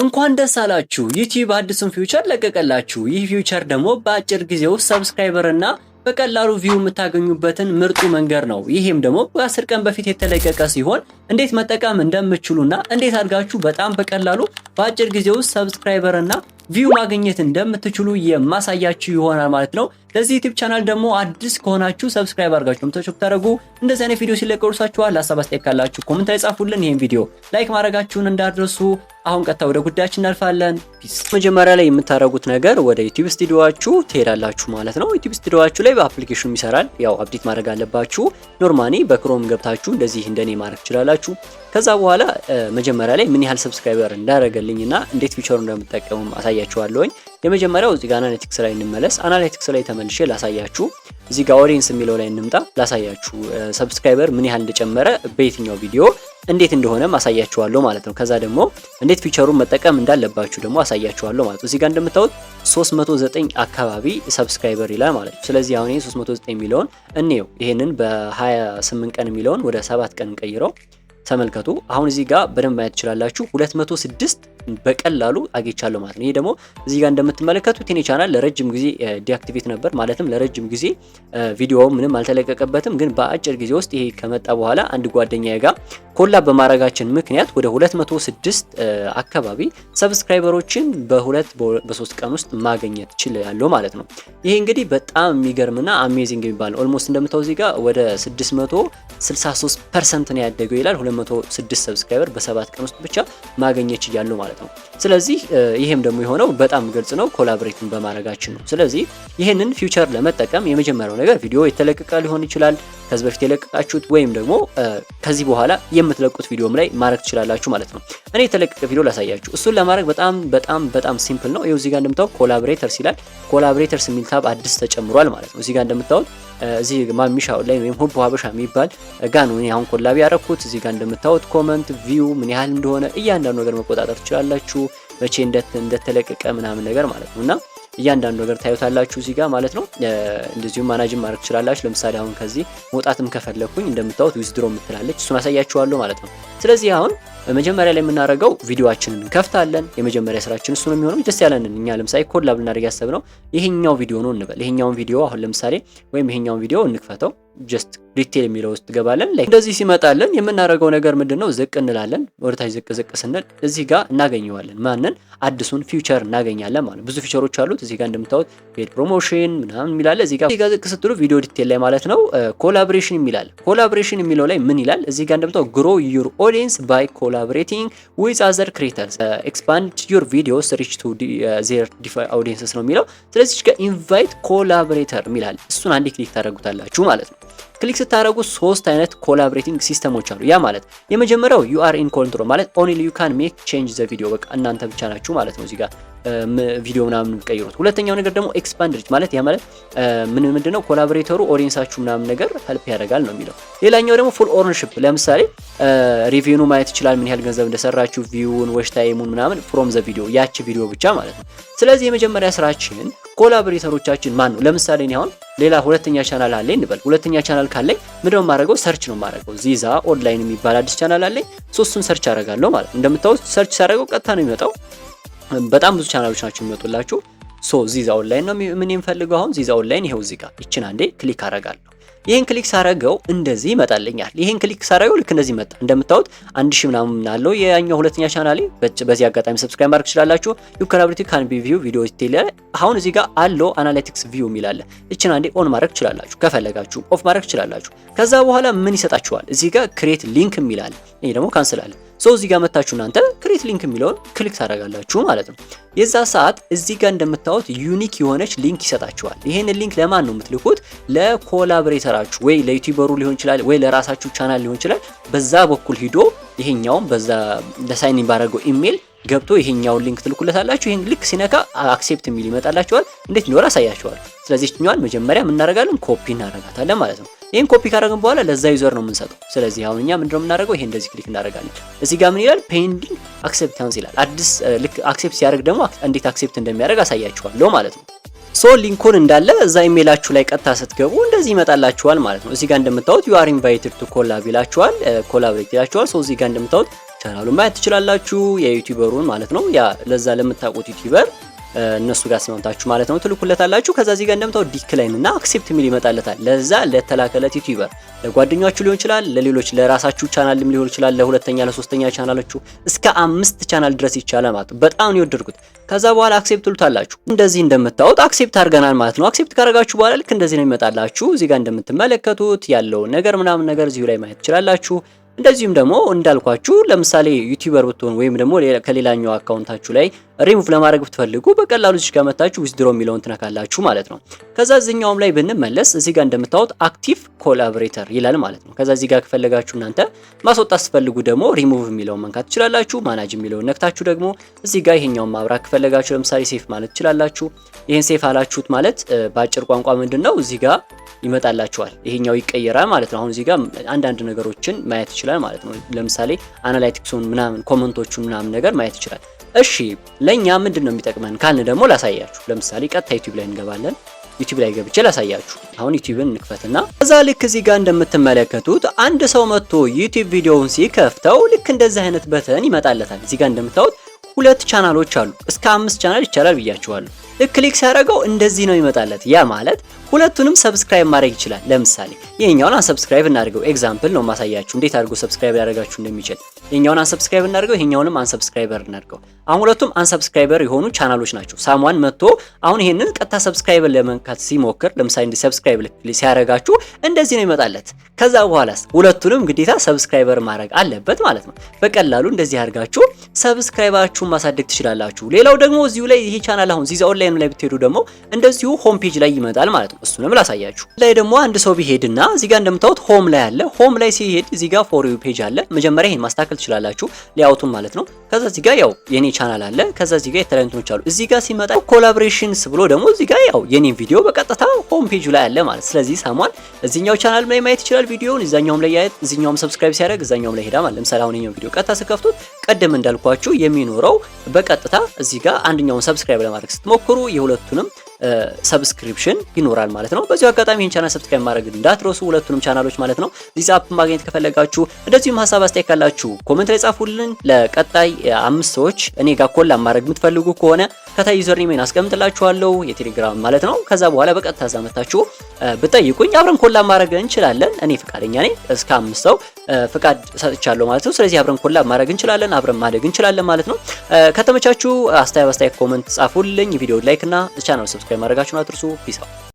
እንኳን ደስ አላችሁ! ዩቲዩብ አዲሱን ፊውቸር ለቀቀላችሁ። ይህ ፊውቸር ደግሞ በአጭር ጊዜ ውስጥ ሰብስክራይበር እና በቀላሉ ቪው የምታገኙበትን ምርጡ መንገድ ነው። ይህም ደግሞ በአስር ቀን በፊት የተለቀቀ ሲሆን እንዴት መጠቀም እንደምችሉና እንዴት አድጋችሁ በጣም በቀላሉ በአጭር ጊዜ ውስጥ ሰብስክራይበር እና ቪው ማግኘት እንደምትችሉ የማሳያችሁ ይሆናል ማለት ነው። ለዚህ ዩቲብ ቻናል ደግሞ አዲስ ከሆናችሁ ሰብስክራይብ አድርጋችሁ ምታችሁ ብታደረጉ እንደዚህ አይነት ቪዲዮ ሲለቀቁ እርሳችኋል። ሀሳብ አስተያየት ካላችሁ ኮመንት ላይ ጻፉልን። ይህም ቪዲዮ ላይክ ማድረጋችሁን እንዳትረሱ። አሁን ቀጥታ ወደ ጉዳያችን እናልፋለን። ፒስ መጀመሪያ ላይ የምታደርጉት ነገር ወደ ዩቲዩብ ስቱዲዮችሁ ትሄዳላችሁ ማለት ነው። ዩቲዩብ ስቱዲዮአችሁ ላይ በአፕሊኬሽኑ ይሰራል። ያው አፕዴት ማድረግ አለባችሁ። ኖርማሊ በክሮም ገብታችሁ እንደዚህ እንደኔ ማድረግ ትችላላችሁ። ከዛ በኋላ መጀመሪያ ላይ ምን ያህል ሰብስክራይበር እንዳደረገልኝና እንዴት ፊቸሩ እንደምጠቀሙም አሳያችኋለሁኝ። የመጀመሪያው እዚህ ጋር አናሊቲክስ ላይ እንመለስ። አናሊቲክስ ላይ ተመልሼ ላሳያችሁ። እዚህ ጋር ኦዲየንስ የሚለው ላይ እንምጣ፣ ላሳያችሁ ሰብስክራይበር ምን ያህል እንደጨመረ በየትኛው ቪዲዮ እንዴት እንደሆነ ማሳያችኋለሁ ማለት ነው። ከዛ ደግሞ እንዴት ፊቸሩን መጠቀም እንዳለባችሁ ደግሞ አሳያችኋለሁ ማለት ነው። እዚህ ጋር እንደምታዩት 309 አካባቢ ሰብስክራይበር ይላል ማለት ነው። ስለዚህ አሁን ይሄ 309 የሚለውን እንየው። ይሄንን በ28 ቀን የሚለውን ወደ 7 ቀን ቀይረው ተመልከቱ። አሁን እዚህ ጋር በደንብ ማየት ትችላላችሁ 206 በቀላሉ አግኝቻለሁ ማለት ነው። ይሄ ደግሞ እዚህ ጋር እንደምትመለከቱት የኔ ቻናል ለረጅም ጊዜ ዲአክቲቬት ነበር። ማለትም ለረጅም ጊዜ ቪዲዮ ምንም አልተለቀቀበትም። ግን በአጭር ጊዜ ውስጥ ይሄ ከመጣ በኋላ አንድ ጓደኛ ጋር ኮላ በማድረጋችን ምክንያት ወደ 206 አካባቢ ሰብስክራይበሮችን በሁለት በሶስት ቀን ውስጥ ማግኘት ችያለሁ ማለት ነው። ይሄ እንግዲህ በጣም የሚገርምና አሜዚንግ የሚባል ነው። ኦልሞስት እንደምታው እዚህ ጋር ወደ 663 ፐርሰንት ነው ያደገው ይላል። 206 ሰብስክራይበር በሰባት ቀን ውስጥ ብቻ ማግኘት ችያለሁ ማለት ነው። ነው። ስለዚህ ይሄም ደግሞ የሆነው በጣም ግልጽ ነው፣ ኮላብሬትን በማድረጋችን ነው። ስለዚህ ይህንን ፊውቸር ለመጠቀም የመጀመሪያው ነገር ቪዲዮ የተለቀቀ ሊሆን ይችላል ከዚህ በፊት የለቀቃችሁት ወይም ደግሞ ከዚህ በኋላ የምትለቁት ቪዲዮም ላይ ማድረግ ትችላላችሁ ማለት ነው። እኔ የተለቀቀ ቪዲዮ ላሳያችሁ። እሱን ለማድረግ በጣም በጣም በጣም ሲምፕል ነው። ይኸው እዚህ ጋር እንደምታዩት ኮላቦሬተርስ ይላል። ኮላቦሬተርስ የሚል ታብ አዲስ ተጨምሯል ማለት ነው። እዚህ ጋር እንደምታዩት እዚህ ማሚሻ ኦንላይን ወይም ሁቡ ሀበሻ የሚባል ጋ ነው እኔ አሁን ኮላቢ ያረኩት። እዚህ ጋር እንደምታዩት ኮመንት ቪው ምን ያህል እንደሆነ እያንዳንዱ ነገር መቆጣጠር ትችላላችሁ። መቼ እንደተለቀቀ ምናምን ነገር ማለት ነው እና እያንዳንዱ ነገር ታዩታላችሁ እዚህ ጋር ማለት ነው። እንደዚሁም ማናጅም ማድረግ ትችላላችሁ። ለምሳሌ አሁን ከዚህ መውጣትም ከፈለግኩኝ እንደምታዩት ዊዝድሮ የምትላለች እሱን አሳያችኋለሁ ማለት ነው። ስለዚህ አሁን መጀመሪያ ላይ የምናደርገው ቪዲዮችንን እንከፍታለን። የመጀመሪያ ስራችን እሱ ነው የሚሆነው። ደስ ያለንን እኛ ለምሳሌ ኮላብ ልናደርግ ያሰብነው ይሄኛው ቪዲዮ ነው እንበል። ይሄኛውን ቪዲዮ አሁን ለምሳሌ ወይም ይሄኛውን ቪዲዮ እንክፈተው ጀስት ዲቴል የሚለው ውስጥ ገባለን። እንደዚህ ሲመጣልን የምናደርገው ነገር ምንድን ነው? ዝቅ እንላለን። ወደታች ዝቅ ዝቅ ስንል እዚህ ጋር እናገኘዋለን። ማንን? አዲሱን ፊውቸር እናገኛለን ማለት ብዙ ፊውቸሮች አሉት። እዚህ ጋር እንደምታዩት ፔድ ፕሮሞሽን ምናምን የሚላለ እዚህ ጋር ዝቅ ስትሉ ቪዲዮ ዲቴል ላይ ማለት ነው። ኮላቦሬሽን የሚላል ኮላቦሬሽን የሚለው ላይ ምን ይላል? እዚህ ጋር እንደምታው ግሮ ዩር ኦዲየንስ ባይ ኮላቦሬቲንግ ዊዝ አዘር ክሬተርስ ኤክስፓንድ ዩር ቪዲዮስ ሪች ቱ ዜር ኦዲየንስስ ነው የሚለው። ስለዚህ ጋር ኢንቫይት ኮላቦሬተር የሚላል እሱን አንዴ ክሊክ ታደርጉታላችሁ ማለት ነው። ክሊክ ስታደረጉ ሶስት አይነት ኮላቦሬቲንግ ሲስተሞች አሉ። ያ ማለት የመጀመሪያው ዩ አር ኢን ኮንትሮል ማለት ኦንሊ ዩ ካን ሜክ ቼንጅ ዘ ቪዲዮ በቃ እናንተ ብቻ ናችሁ ማለት ነው። እዚህ ጋር ቪዲዮ ምናምን የምትቀይሩት። ሁለተኛው ነገር ደግሞ ኤክስፓንድ ሪች ማለት ያ ማለት ምን ምንድን ነው? ኮላቦሬተሩ ኦዲየንሳችሁ ምናምን ነገር ሀልፕ ያደርጋል ነው የሚለው። ሌላኛው ደግሞ ፉል ኦነርሺፕ ለምሳሌ ሪቪኑ ማየት ይችላል፣ ምን ያህል ገንዘብ እንደሰራችሁ ቪውን ወሽታይሙን ምናምን ፍሮም ዘ ቪዲዮ ያቺ ቪዲዮ ብቻ ማለት ነው። ስለዚህ የመጀመሪያ ስራችን ኮላቦሬተሮቻችን ማን ነው? ለምሳሌ እኔ አሁን ሌላ ሁለተኛ ቻናል አለኝ እንበል። ሁለተኛ ቻናል ካለኝ ምንድነው የማደርገው? ሰርች ነው የማደርገው። ዚዛ ኦንላይን የሚባል አዲስ ቻናል አለኝ። ሶስቱን ሰርች አደርጋለሁ ማለት እንደምታውቁት፣ ሰርች ሳደርገው ቀጥታ ነው የሚመጣው። በጣም ብዙ ቻናሎች ናቸው የሚመጡላችሁ። ሶ ዚዛ ኦንላይን ነው ምን የምፈልገው አሁን ዚዛ ኦንላይን ይሄው እዚህ ጋር ይችን አንዴ ክሊክ አደርጋለሁ። ይህን ክሊክ ሳረገው እንደዚህ ይመጣልኛል። ይህን ክሊክ ሳረገው ልክ እንደዚህ መጣ። እንደምታዩት አንድ ሺ ምናምን አለው የኛ ሁለተኛ ቻናሌ። በዚህ አጋጣሚ ሰብስክራይብ ማድረግ ትችላላችሁ። ዩ ከናብሪቲ ካን ቢ ቪው ቪዲዮ ቴለ አሁን እዚህ ጋር አለው አናሊቲክስ ቪው የሚላለ እችን አንዴ ኦን ማድረግ ትችላላችሁ። ከፈለጋችሁ ኦፍ ማድረግ ትችላላችሁ። ከዛ በኋላ ምን ይሰጣችኋል? እዚህ ጋር ክሬት ሊንክ የሚላለ ይህ ደግሞ ካንስላለን ሰው እዚህ ጋር መታችሁ እናንተ ክሬት ሊንክ የሚለውን ክሊክ ታደርጋላችሁ ማለት ነው። የዛ ሰዓት እዚህ ጋር እንደምታዩት ዩኒክ የሆነች ሊንክ ይሰጣችኋል። ይህንን ሊንክ ለማን ነው የምትልኩት? ለኮላብሬተራችሁ ወይ ለዩቲበሩ ሊሆን ይችላል፣ ወይ ለራሳችሁ ቻናል ሊሆን ይችላል። በዛ በኩል ሂዶ ይሄኛውም በዛ ለሳይን ባደረገው ኢሜል ገብቶ ይሄኛውን ሊንክ ትልኩለታላችሁ። ይሄን ልክ ሲነካ አክሴፕት የሚል ይመጣላችኋል። እንዴት እንደሆነ አሳያችኋል። ስለዚህ እኛዋን መጀመሪያ የምናደርጋለን ኮፒ እናደርጋታለን ማለት ነው። ይህን ኮፒ ካደረግን በኋላ ለዛ ዩዘር ነው የምንሰጠው። ስለዚህ አሁን እኛ ምንድነው የምናደርገው? ይሄ እንደዚህ ክሊክ እናደርጋለን። እዚህ ጋር ምን ይላል? ፔንዲንግ አክሴፕታንስ ይላል። አዲስ ልክ አክሴፕት ሲያደርግ ደግሞ እንዴት አክሴፕት እንደሚያደርግ አሳያችኋለሁ ማለት ነው። ሶ ሊንኩን እንዳለ እዛ ኢሜላችሁ ላይ ቀጥታ ስትገቡ እንደዚህ ይመጣላችኋል ማለት ነው። እዚህ ጋር እንደምታዩት ዩ አር ኢንቫይትድ ቱ ኮላብ ይላችኋል፣ ኮላብሬት ይላችኋል። ሶ እዚህ ጋር እንደምታዩት ቻናሉን ማየት ትችላላችሁ፣ የዩቲዩበሩን ማለት ነው ያ ለዛ ለምታውቁት ዩቲዩበር እነሱ ጋር ስማምታችሁ ማለት ነው ትልኩለታላችሁ። ከዛ እዚህ ጋር እንደምታው ዲክላይን እና አክሴፕት የሚል ይመጣለታል። ለዛ ለተላከለት ዩቲዩበር ለጓደኛችሁ ሊሆን ይችላል፣ ለሌሎች ለራሳችሁ ቻናልም ሊሆን ይችላል። ለሁለተኛ ለሶስተኛ ቻናሎቹ እስከ አምስት ቻናል ድረስ ይቻላል ማለት ነው። በጣም ነው የወደድኩት። ከዛ በኋላ አክሴፕት ትሉታላችሁ። እንደዚህ እንደምታዩት አክሴፕት አድርገናል ማለት ነው። አክሴፕት ካረጋችሁ በኋላ ልክ እንደዚህ ነው ይመጣላችሁ። እዚህ ጋር እንደምትመለከቱት ያለው ነገር ምናምን ነገር እዚሁ ላይ ማየት ትችላላችሁ። እንደዚሁም ደግሞ እንዳልኳችሁ ለምሳሌ ዩቲዩበር ብትሆን ወይም ደግሞ ከሌላኛው አካውንታችሁ ላይ ሪሙቭ ለማድረግ ብትፈልጉ በቀላሉ እዚህ ጋር መታችሁ ዊዝድሮ የሚለውን ትነካላችሁ ማለት ነው። ከዛ እዚኛውም ላይ ብንመለስ እዚህ ጋር እንደምታዩት አክቲቭ ኮላቦሬተር ይላል ማለት ነው። ከዛ እዚህ ጋር ከፈለጋችሁ እናንተ ማስወጣት ስትፈልጉ ደግሞ ሪሙቭ የሚለውን መንካት ትችላላችሁ። ማናጅ የሚለውን ነክታችሁ ደግሞ እዚህ ጋር ይሄኛውን ማብራት ከፈለጋችሁ ለምሳሌ ሴፍ ማለት ትችላላችሁ። ይህን ሴፍ አላችሁት ማለት በአጭር ቋንቋ ምንድን ነው እዚህ ጋር ይመጣላችኋል። ይሄኛው ይቀየራል ማለት ነው። አሁን እዚህ ጋር አንዳንድ ነገሮችን ማየት ይችላል ማለት ነው። ለምሳሌ አናላይቲክሱን ምናምን ኮመንቶቹን ምናምን ነገር ማየት ይችላል። እሺ ለእኛ ምንድን ነው የሚጠቅመን ካልን ደግሞ ላሳያችሁ። ለምሳሌ ቀጥታ ዩቲዩብ ላይ እንገባለን። ዩቲዩብ ላይ ገብቼ ላሳያችሁ። አሁን ዩቲዩብን እንክፈትና እዛ ልክ እዚህ ጋር እንደምትመለከቱት አንድ ሰው መጥቶ ዩቲዩብ ቪዲዮውን ሲከፍተው ልክ እንደዚህ አይነት በተን ይመጣለታል። እዚህ ጋር እንደምታዩት ሁለት ቻናሎች አሉ። እስከ አምስት ቻናል ይቻላል ብያችኋለሁ። ክሊክ ሲያደርገው እንደዚህ ነው ይመጣለት። ያ ማለት ሁለቱንም ሰብስክራይብ ማድረግ ይችላል። ለምሳሌ የኛውን አንሰብስክራይብ እናደርገው። ኤግዛምፕል ነው ማሳያችሁ እንዴት አድርጎ ሰብስክራይብ ሊያደርጋችሁ እንደሚችል። የኛውን አንሰብስክራይብ እናደርገው፣ ይሄኛውንም አንሰብስክራይበር እናደርገው። አሁን ሁለቱም አንሰብስክራይበር የሆኑ ቻናሎች ናቸው። ሳሟን መጥቶ አሁን ይሄንን ቀጥታ ሰብስክራይብ ለመንካት ሲሞክር፣ ለምሳሌ እንዲህ ሰብስክራይብ ሲያደርጋችሁ እንደዚህ ነው ይመጣለት። ከዛ በኋላስ ሁለቱንም ግዴታ ሰብስክራይበር ማድረግ አለበት ማለት ነው። በቀላሉ እንደዚህ አድርጋችሁ ሰብስክራይባችሁን ማሳደግ ትችላላችሁ። ሌላው ደግሞ እዚሁ ላይ ይሄ ቻናል አሁን ዚዛ ኦንላይን ታይም ላይ ብትሄዱ ደግሞ እንደዚሁ ሆም ፔጅ ላይ ይመጣል ማለት ነው። እሱንም ላሳያችሁ ላይ ደግሞ አንድ ሰው ቢሄድና እዚህ ጋር እንደምታዩት ሆም ላይ አለ። ሆም ላይ ሲሄድ እዚህ ጋር ፎር ዩ ፔጅ አለ። መጀመሪያ ይሄን ማስተካከል ትችላላችሁ፣ ሊያውቱን ማለት ነው። ከዛ እዚህ ጋር ያው የኔ ቻናል አለ። ከዛ እዚህ ጋር የተለያዩ እንትኖች አሉ። እዚህ ጋር ሲመጣ ኮላቦሬሽንስ ብሎ ደግሞ እዚህ ጋር ያው የኔን ቪዲዮ በቀጥታ ሆም ፔጅ ላይ አለ ማለት። ስለዚህ ሳሟን እዚኛው ቻናል ላይ ማየት ይችላል ቪዲዮውን እዛኛውም ላይ ያየት እዚኛውም ሰብስክራይብ ሲያደርግ እዛኛውም ላይ ሄዳ ማለት ለምሳሌ አሁን ቪዲዮ ቀጥታ ስከፍቱት ቀደም እንዳልኳችሁ የሚኖረው በቀጥታ እዚህ ጋር አንደኛውን ሰብስክራይብ ለማድረግ ስትሞክሩ የሁለቱንም ሰብስክሪፕሽን ይኖራል ማለት ነው። በዚሁ አጋጣሚ ይህን ቻናል ሰብስክራይብ ማድረግ እንዳትረሱ፣ ሁለቱንም ቻናሎች ማለት ነው። ዚስ አፕ ማግኘት ከፈለጋችሁ፣ እንደዚሁም ሀሳብ አስተያየት ካላችሁ ኮመንት ላይ ጻፉልን። ለቀጣይ አምስት ሰዎች እኔ ጋር ኮላ ማድረግ የምትፈልጉ ከሆነ ከታይ ዩዘር አስቀምጥላችኋለሁ የቴሌግራም ማለት ነው። ከዛ በኋላ በቀጥታ እዛ መታችሁ ብጠይቁኝ አብረን ኮላ ማድረግ እንችላለን። እኔ ፍቃደኛ ነኝ። እስከ አምስት ሰው ፍቃድ ሰጥቻለሁ ማለት ነው። ስለዚህ አብረን ኮላ ማድረግ እንችላለን፣ አብረን ማደግ እንችላለን ማለት ነው። ከተመቻችሁ አስተያየት አስተያየት ኮመንት ጻፉልኝ። ቪዲዮ ላይክ እና ቻናል ሰብስክራይብ ማድረጋችሁን አትርሱ። ፒስ አውት